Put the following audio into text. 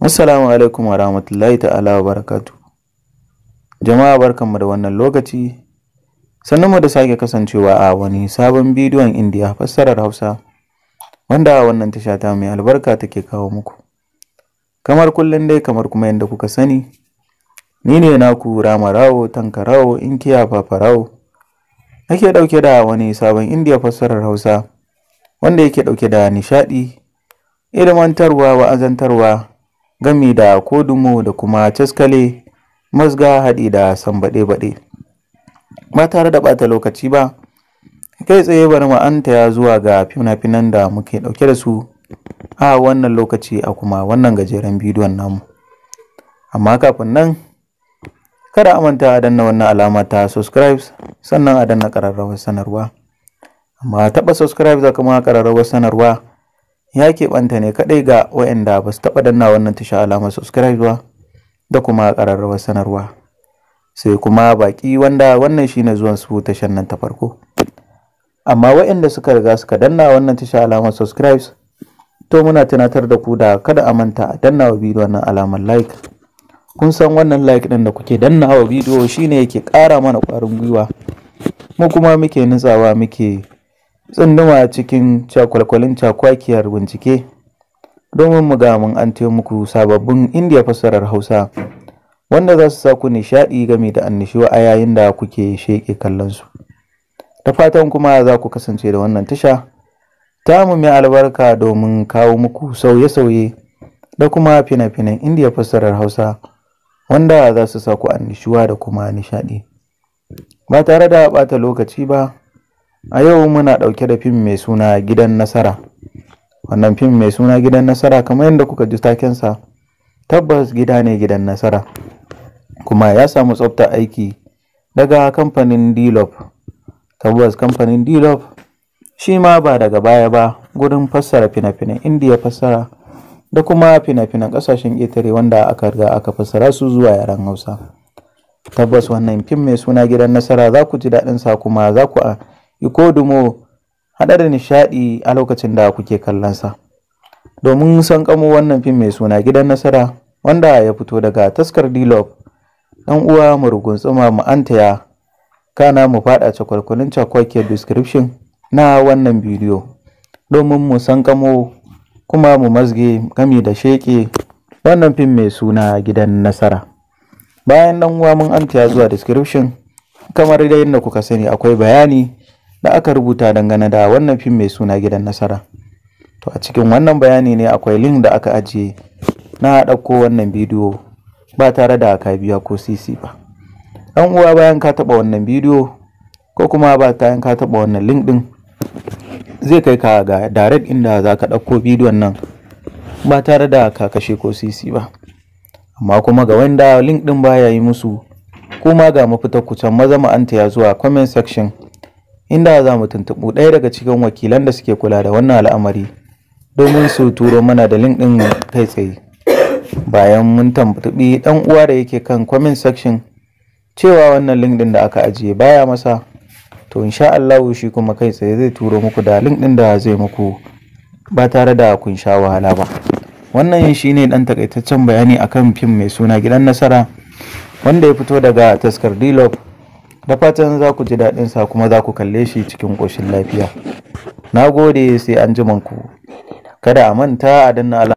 Assalamu alaikum wa rahmatullahi ta'ala wa barakatu. Jama'a barkanmu da wannan lokaci, sannunmu da sake kasancewa a wani sabon bidiyon Indiya fassarar Hausa, wanda wannan tasha ta mai albarka take kawo muku. Kamar kullum dai kamar kuma yadda kuka sani, ni ne naku Rama Rawo, Tanka Rawo, Inkiya Fafa Rawo, ake ɗauke da wani sabon Indiya fassarar Hausa, wanda yake ɗauke da nishaɗi, ilmantarwa, wa'azantarwa, gami da kodumo da kuma caskale mazga haɗi da san baɗe ba tare da bata lokaci ba kai tsaye bari mu an zuwa ga fina-finan da muke ɗauke da su a wannan lokaci a kuma wannan gajeren bidiyon namu amma kafin nan kada a manta a danna wannan alama ta subscribes sannan a danna ƙararrawar sanarwa amma taɓa subscribe zaka kuma ƙararrawar sanarwa ya keɓanta ne kaɗai ga waɗanda ba su taɓa danna wannan tasha alamar subscribe ba da kuma ƙararrawar sanarwa sai kuma baƙi wanda wannan shine zuwan su tashar nan ta farko amma waɗanda suka riga suka danna wannan tasha alamar subscribe to muna tunatar da ku da kada a manta a danna wa bidiyo nan alamar like kun san wannan like ɗin da kuke danna wa bidiyo shine yake ƙara mana ƙwarin gwiwa mu kuma muke nutsawa muke tsunduma cikin cakwalkwalin cakwakiyar bincike domin mu ga mun an muku sababbin indiya fassarar hausa wanda za su sa ku nishaɗi game da annishuwa a yayin da kuke sheƙe su, da fatan kuma za ku kasance da wannan tasha ta mu mai albarka domin kawo muku sauye-sauye da kuma fina-finan indiya fassarar hausa wanda za su sa ku annishuwa da kuma nishaɗi ba tare da ɓata lokaci ba A yau muna ɗauke da fim mai suna Gidan Nasara. Wannan fim mai suna Gidan Nasara kamar yadda kuka ji takensa tabbas gida ne gidan nasara kuma ya samu tsafta aiki daga kamfanin Dilop. Tabbas kamfanin Dilop shi ma ba daga baya ba gudun fassara fina-finan Indiya fassara da kuma fina-finan ƙasashen ƙetare wanda aka riga aka fassara su zuwa yaren Hausa. Tabbas wannan fim mai suna Gidan Nasara za ku ji daɗinsa kuma za ku a ikodumo haɗa da nishaɗi a lokacin da kuke kallon sa domin san kamo wannan fim mai suna gidan nasara wanda ya fito daga taskar dilop ɗan uwa mu rugunsuma mu antaya kana mu faɗa cakwalkwalin cakwakiyar description na wannan bidiyo domin mu san kamo kuma mu mazge gami da sheƙe wannan fim mai suna gidan nasara bayan ɗan uwa mun antaya zuwa description kamar dai yadda kuka sani akwai bayani da aka rubuta dangane da wannan fim mai suna gidan nasara to a cikin wannan bayani ne akwai link da aka ajiye na ɗauko wannan bidiyo ba tare da ka biya ko cc ba ɗan uwa bayan ka taɓa wannan bidiyo ko kuma ba bayan ka taɓa wannan link ɗin zai kai ka ga direct inda za ka ɗauko bidiyon nan ba tare da ka kashe ko cc ba amma kuma ga wanda link ɗin baya yi musu kuma ga mafitar kucan mazama maza ya zuwa comment section inda za mu tuntuɓu ɗaya daga cikin wakilan da suke kula da wannan al'amari domin su turo mana da link ɗin kai tsaye bayan mun tuntuɓi ɗan uwa da yake kan comment section cewa wannan link ɗin da aka ajiye baya masa to insha Allah shi kuma kai tsaye zai turo muku da link ɗin da zai muku ba tare da kun sha wahala ba wannan shine ɗan takaitaccen bayani akan fim mai suna gidan nasara wanda ya fito daga taskar d da fatan za ku ji daɗin sa kuma za ku kalle shi cikin ƙoshin lafiya na gode sai an ku kada a manta a danna